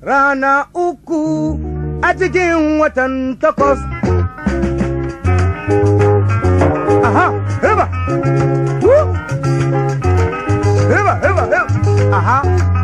rana uku a cikin watan takwas aha riba riba riba aha